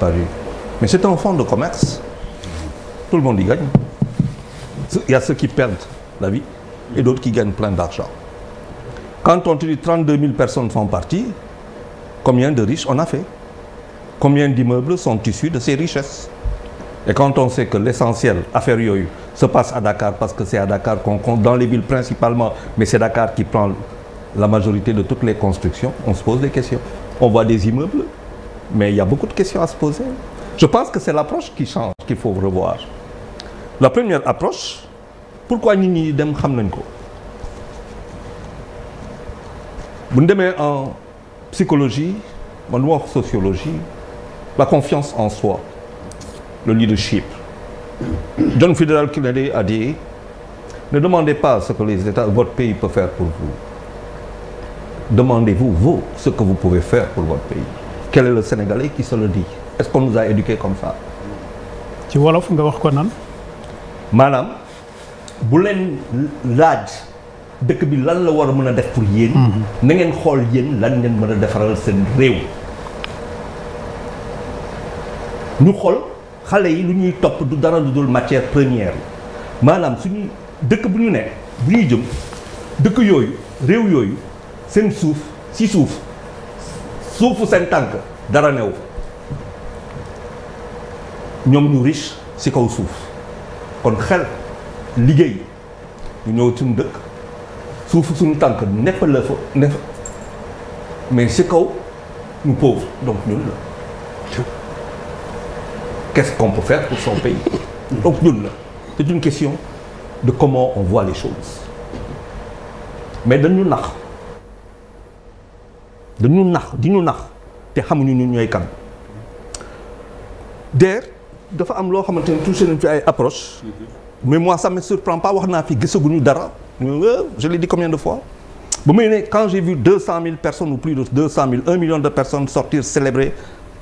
disparu. Mais c'est un fonds de commerce. Tout le monde y gagne. Il y a ceux qui perdent la vie et d'autres qui gagnent plein d'argent. Quand on te dit 32 000 personnes font partie, combien de riches on a fait Combien d'immeubles sont issus de ces richesses Et quand on sait que l'essentiel, affaire Yoyu, se passe à Dakar, parce que c'est à Dakar qu'on compte, dans les villes principalement, mais c'est Dakar qui prend la majorité de toutes les constructions, on se pose des questions. Mais il y a beaucoup de questions à se poser. Je pense que c'est l'approche qui change, qu'il faut revoir. La première approche, pourquoi nit ñi dem xam nañ ko bu demee en psychologie man lu ma wax sociologie la confiance en soi le leadership John Fitzgerald Kennedy a dit ne demandez pas ce que les États votre pays peut faire pour vous demandez-vous vous ce que vous pouvez faire pour votre pays quel est le Sénégalais qui se le dit est-ce qu'on ci wolof nga wax ko nan. maanaam bu leen laaj dëkk bi lan la war a mën a def pour yéen. Mhm. na ngeen xool yéen lan ngeen mën a defaral seen réew. ñu xool xale yi lu ñuy topp du dara lu dul matière première maanaam suñuy dëkk bu ñu ne bu ñu jëm dëkk yooyu réew yooyu seen suuf si suuf. suufu seen tànk dara new ñoom ñu riche si kaw suuf kon xel liggéey ñu ñëw suñu dëkk suufu suñ tànk népp la fa ne mais ci kaw ñu pauvre donc ñun la kes ce qu'on peut faire pour son pays donc ñun la c'est une question de comment on voit les mais dañu nax dañu nax di ñu te xamuñu ñun ñooy kan DER dafa am loo xamante ne touché nañ fi ay approche mais moi ça me surprend pas wax naa fi gisaguñu dara je l'ai dit combien de fois ba muy ne quand j'ai vu deux mille personnes ou plus de deux cent mille un million de personnes sortir célébrer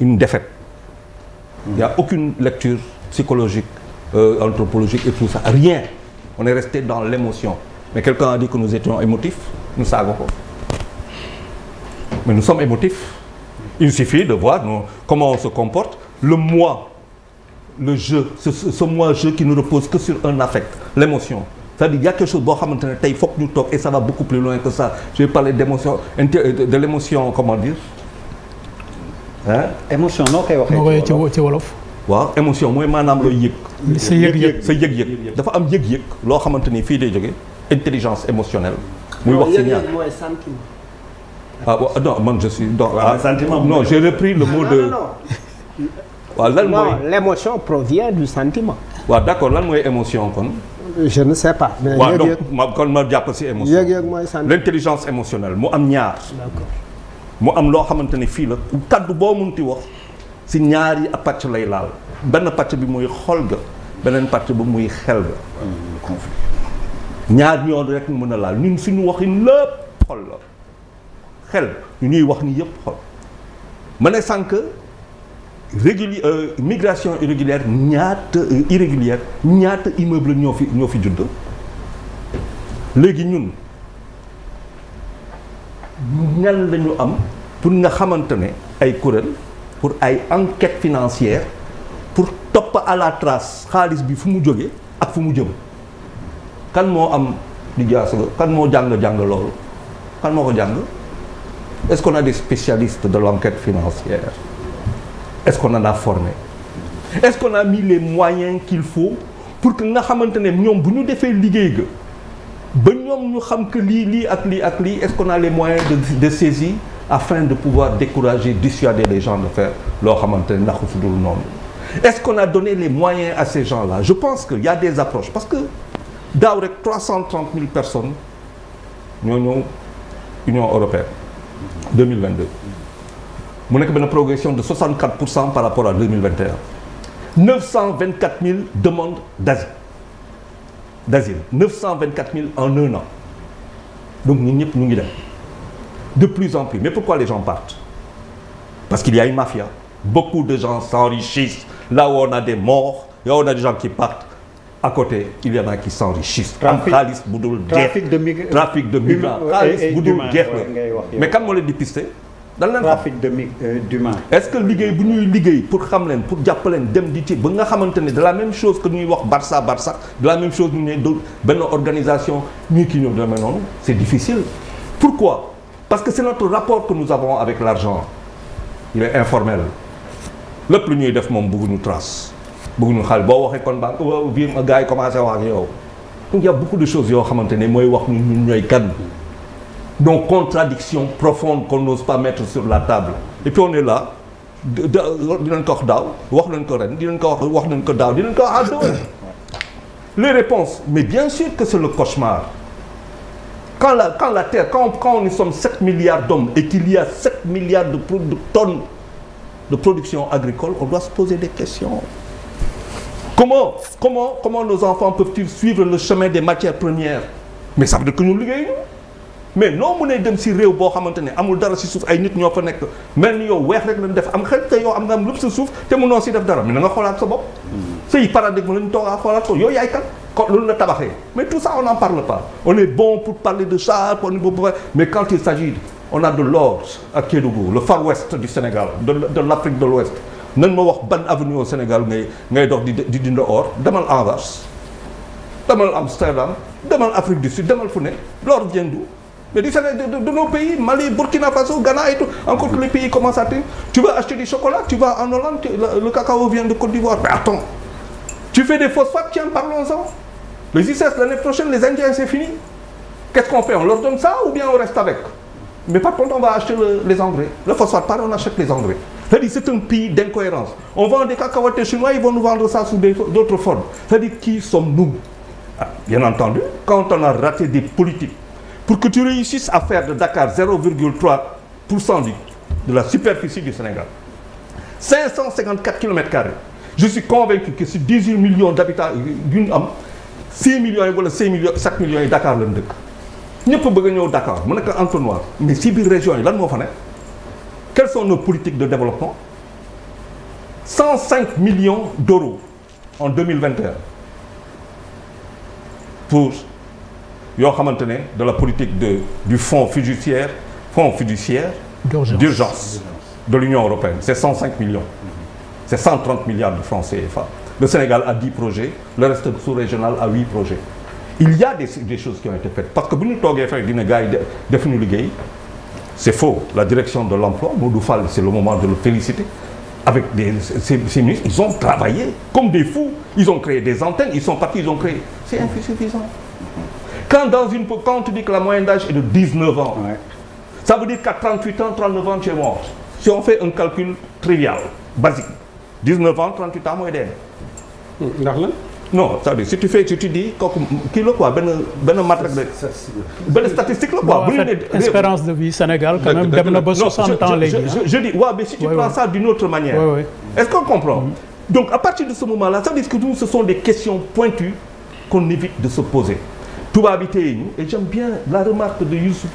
une défaite il y a aucune lecture psychologique euh, anthropologique et tout ça rien on est resté dans l'émotion mais quelqu'un a dit que nous étions émotifs ñu saaga ko mais nous sommes émotifs. Il suffit de voir nous, comment on se comporte. Le mois le jeu, ce, ce mois jeu qui ne repose que sur un affect, l'émotion. cest dire qu'il y a quelque chose, il faut que nous toquions et ça va beaucoup plus loin que ça. Je vais parler d'émotion, euh, de l'émotion, comment dire hein? Émotion, non, okay, okay, okay, tu, tu, tu, waaw émotion mooy maanaam looy yëg. sa yëg-yëg sa yëg-yëg dafa am yëg-yëg loo xamante ni fii lay jógee intelligence émotionnelle. muy ah bon ah, non man je suis donc. Ah, non j'ai le ah, mot de. non non non. waaw lan mooy non l'émotion provient du sentiment. waaw d'accord lan mooy émotion kon. je ne sais pas. mais yëg-yëg donc ma kon ma jàpp si émotion. yëg l'intelligence émotionnelle mu am ñaar. d'accord mu am loo xamante ni fii la kaddu boo ti wax si ñaar yi a pàcc lay laal benn pàcc bi muy xol ga beneen pàcc bi muy xel ga. ñaar ñoo rek mën a laal ñun suñu waxin lépp xol la. xel ñu ñuy wax ni yëpp xol ma ne sànq réguli euh, migration irrégulière ñaata euh, irrégulière ñaata immeuble ñoo fi ñoo fi judd léegi ñun ñan lañu am pour nga xamante ne ay kuréel pour ay enquête financière pour topp à la trace xaalis bi fu mu jógee ak fu mu jëm kan moo am di jaas kan moo jàng jàng loolu kan moo ko jàng Est-ce qu'on a des spécialistes de l'enquête financière Est-ce qu'on en a formé Est-ce qu'on a mis les moyens qu'il faut pour que nga xamante ne ñoom bu ñu defee liggéey ga ba ñoom ñu xam que lii lii ak lii ak lii est-ce qu'on a les moyens de de saisir afin de pouvoir décourager dissuader les gens de faire loo xamante ne ndax su dul noonu est-ce qu'on a donné les moyens à ces gens-là je pense que y a des approches parce que daaw rek 330 000 personnes ñoo ñëw Union 2022 mu nekk benn progression de 64 pour cent par rapport à 2021 924 000 demandes d'asile d'asile 924 000 en un an donc ñëpp ñu ngi dem de plus en plus mais pourquoi les parce qu'il y a mafia beaucoup de gens s'enrichissent là où on a des morts là où on a des à côté il y en a qui s'enrichissent xaalis bu dul jeex trafic de migrants la mais kan moo leen euh, est que liggéey bu ñuy liggéey pour xam leen pour jàpp leen dem di ci ba nga xamante ne de la même chose que ñuy wax Barça Barça de la même chose ñu ne do benn organisation ñii kii ñëw demee noonu c'est difficile pourquoi parce que c'est notre rapport que nous avons avec l'argent il est informel lépp lu ñuy def moom bëgguñu trace bëgguñu xaal boo waxee kon ba bii gars yi commencé wax ak yow donc y a beaucoup de choses yoo xamante ne mooy wax ñu ñun ñooy kan donc contradiction profonde qu'on n'ose pas mettre sur la table et puis on est là dinañ ko wax daaw wax nañ ko ren dinañ ko wax wax nañ ko daaw dinañ ko wax à les réponses mais bien sûr que c'est le cauchemar quand la quand la terre quand quand nous sommes 7 milliards d'hommes et qu'il y a 7 de, tonnes de production agricole on doit se poser des questions comment comment comment nos enfants peuvent-ils suivre le chemin des matières premières mais ça veut dire que ñu liggéey ñu mais noo mënee dem si réew boo xamante ne amul dara si suuf ay nit ñoo fa nekk mel ni yow weex rek lañ def am xel te yow am nga am lépp sa suuf te mënoo si def dara mais na nga xoolaat sa bopp. say paradigme lañ toog a xoolaat ko yow yaay kan kon loolu la tabaxee mais tout ça on n'en parle pas on est bon pour parler de ça on est bon pour mais quand il s'agit on a de l'or à Kédougou le far Sénégal de de l'Afrique de l'Ouest nan ma wax ban avenue au Sénégal ngay ngay dox di di dund or demal Anvers demal Amsterdam demal Afrique du Sud demal fu l'or vient d'où mais de, de, de nos pays Mali Burkina Faso Ghana et tout encore tous les pays commencent à tu vas acheter du chocolat tu vas en Hollande le, cacao vient de Côte d'Ivoire mais attends tu fais des phosphates tiens parlons-en les ICS l'année prochaine les Indiens c'est fini qu'est-ce qu'on fait on leur donne ça ou bien on reste C'est-à-dire c'est un pays d'incohérence. On vend des cacahuètes chinois, ils vont nous vendre ça sous d'autres formes. C'est-à-dire qui sommes-nous ah, Bien entendu, quand on a raté des politiques, pour que tu réussisses à faire de Dakar 0,3% de la superficie du Sénégal, 554 km. Je suis que si 18 millions d'habitants, 6 millions, voilà, 6 millions, 7 millions, Dakar, le Nous pouvons gagner au Dakar, je suis Antonoir, mais si bien région, là, nous sont nos politiques de développement 105 millions d'euros en 2021 pour yoo xamante ne de la politique de du fonds fiduciaire fonds fiduciaire d'urgence de l'Union européenne c'est 105 millions c'est 130 milliards de francs CFA le Sénégal a 10 le reste sous-régional a 8 projets il parce que bu toogee fekk dina gars yi def ñu liggéey C'est faux. La direction de l'emploi, Moudoufal, c'est le moment de le féliciter. Avec des, ces, ont travaillé comme des fous. Ils ont créé des antennes, ils sont partis, ils ont créé. C'est insuffisant. Quand, dans une, quand tu dis que la moyenne d'âge est de 19 ans, ouais. ça veut dire qu'à 38 ans, 39 ans, non c'est-à-dire si kii quoi benn benn mat rek de. benn statistique la quoi. bu ñu nee espérance de vie Sénégal quand même dem na ba 60 ans manière. est-ce qu'on comprend. Mm. donc à partir de ce moment-là ça veut dire que nous ce sont des questions pointues qu'on évite de se poser. tubaab yi téye ñu et j'aime bien la remarque de Youssouf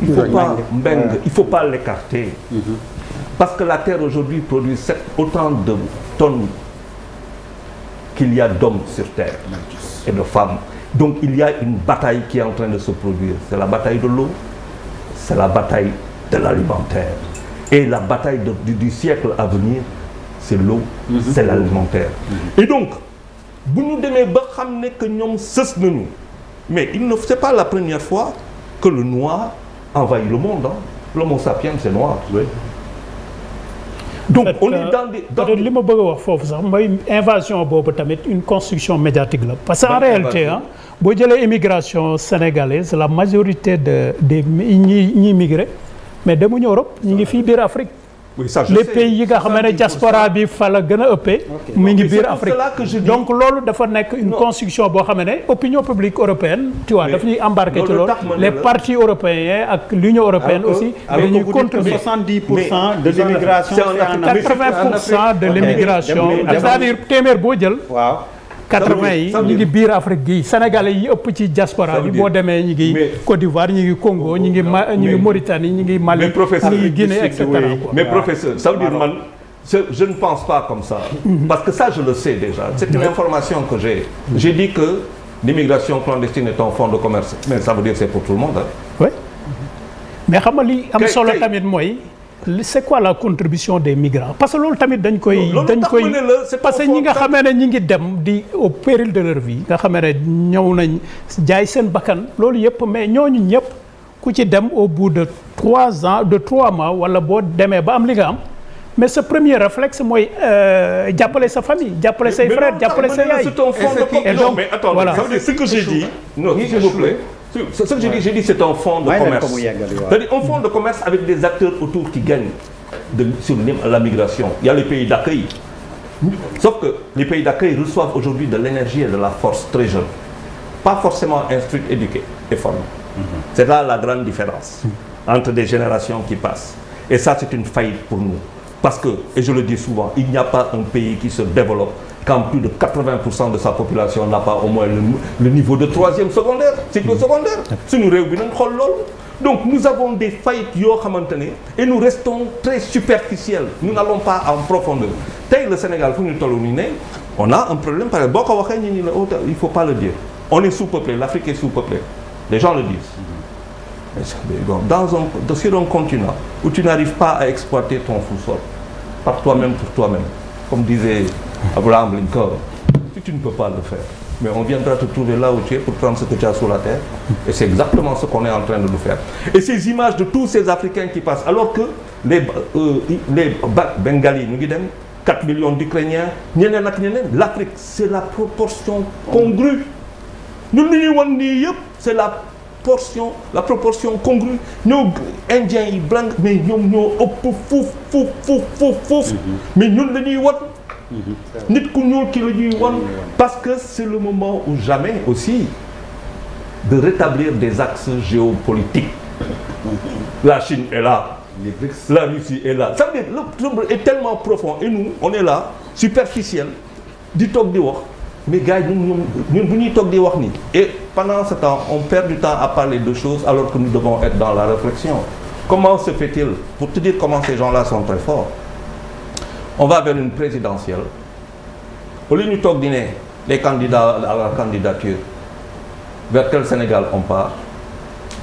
il faut pas Mbengue il faut pas l'écarter mm-hmm. parce que la terre aujourd'hui produit sept autant de tonnes. qu'il y a d'hommes sur terre et de femmes. Donc il y a une bataille qui est en train de se produire. C'est la bataille de l'eau, c'est la bataille de l'alimentaire. Et la bataille de, du, du, siècle à venir, c'est l'eau, mm -hmm. c'est l'alimentaire. Mhm. Et donc, bu ñu demee ba xam ne que ñoom sës nañu mais il ne c'est pas la première fois que le noir envahit le monde. donc on li ma bëgg a wax foofu sax mooy invasion boobu tamit une construction médiatique la. parce que en réalité ah, boo jëlee immigration sénégalaise la majorité de de ñi ñi migré mais demuñu Europe ñu ngi fii biir Afrique. les pays yi nga xam ne bi fa gën a ëppee. mi ngi biir Afrique donc loolu dafa nekk une construction boo xam opinion publique européenne. tu vois daf ñuy ci loolu les partis européens ak l'union européenne aussi. dañuy contribuer 70 de l'immigration. de l'immigration. boo jël. 80 yi ñu ngi biir Afrique gii sénégalais yi ëpp ci diaspora bi boo demee ñu ngi Côte d'Ivoire ñu ngi Congo ñu ngi ma ñu ngi Mauritanie ñu ngi Mali ñu ngi Guinée et cetera mais professeur ça veut dire man je ne pense pas comme ça mhm. parce que ça je le sais déjà c'est une information que j'ai mhm. j'ai dit que l'immigration clandestine est un fonds de commerce mais ça veut dire c'est pour tout le monde mais xam nga li am solo tamit mooy c'est quoi la contribution des migrants parce que loolu tamit dañ koy. dañ koy parce que ñi nga xamee ne ñi ngi dem di au péril de leur vie. nga xamee ne ñëw nañ jaay seen bakkan loolu yëpp mais ñooñu ñëpp ku ci dem au bout de trois ans de trois mois wala boo demee ba am li nga am. mais sa premier réflexe mooy euh, jàppale sa famille jàppale say frères jàppale sa yaay et donc voilà ce que j'ai dit c'est ce que je dis je dis c'est un fonds de commerce cest avec des acteurs autour qui gagnent la migration il y a les pays d'accueil sauf que les pays d'accueil reçoivent aujourd'hui de l'énergie et de la force très jeune pas forcément instruite éduquée et formée mhm. c'est là la grande différence entre des générations qui passent et ça c'est une faillite pour nous parce que et je le dis souvent il n'y a pas un pays qui se développe quand plus de 80% de sa population n'a pas au moins le, niveau de troisième secondaire cycle mm. secondaire suñu réew bi nañ xool loolu donc nous avons des faillites yoo xamante ne et nous restons très superficiels nous n'allons pas en profondeur tey le Sénégal fu ñu toll nii ne on a un problème parce que boo ko waxee ñu ni la il faut pas le dire on est sous-peuplé l'Afrique est sous-peuplée les gens le disent mm-hmm. dans un continent où tu n'arrives pas à exploiter ton sous-sol par Abraham Lincoln, si tu ne peux pas le faire, mais on viendra te trouver là où tu es pour prendre ce que tu as la terre. Et c'est exactement ce qu'on est en train de nous faire. Et ces images de tous ces Africains qui passent, alors que les, euh, nous disons, 4 millions d'Ukrainiens, l'Afrique, la proportion congrue. Nous, c'est la portion la proportion congrue ñoo indien yi blanc mais ñoom ñoo ëpp fuuf fuuf fuuf fuuf mm-hmm. mais ñun la ñuy wat Mhm. nit ku ñuul ki la ñuy parce que c'est le moment ou jamais aussi de rétablir des axes géopolitiques mhm. la Chine est là la Russie est là ça veut dire le problème est tellement profond et nous on est là superficiel di toog di wax mais gars yi ñun ñun bu ñuy toog di wax nii et pendant ce temps on perd du temps à parler de choses alors que nous devons être dans la réflexion comment se fait-il pour te dire comment ces gens-là sont très forts on va vers une présidentielle au lieu ñu toog di ne les candidats à la candidature vers quel Sénégal on part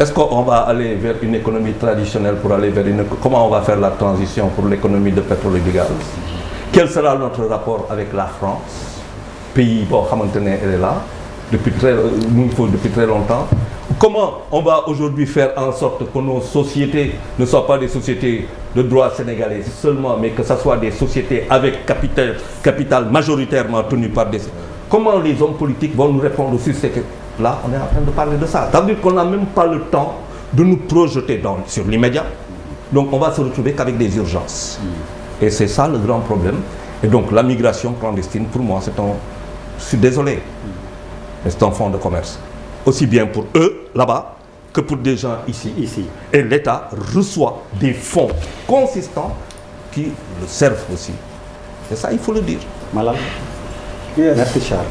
est-ce qu'on va aller vers une économie traditionnelle pour aller vers une comment on va faire de pétrole et de gaz quel sera notre rapport avec la France pays boo xamante ne elle est là depuis très mu ngi foofu depuis très longtemps comment on va aujourd'hui faire en sorte que nos sociétés ne soient pas des sociétés de droit sénégalais seulement, mais que ce soit des sociétés avec capital, capital majoritairement tenues par des... Comment les hommes politiques vont nous répondre sur ces Là, on est en train de parler de ça. Ça veut dire qu'on n'a même pas le temps de nous projeter dans, sur l'immédiat. Donc on va se retrouver qu'avec des urgences. Mm. Et c'est ça le grand problème. Et donc la migration clandestine, pour moi, c'est un... Je suis désolé, mm. mais c'est un fonds de commerce. Aussi bien pour eux, là-bas, que pour des gens ici. ici. Et l'État reçoit des fonds consistants qui le servent aussi. Et ça, il faut le dire. Malal. Yes. Merci Charles.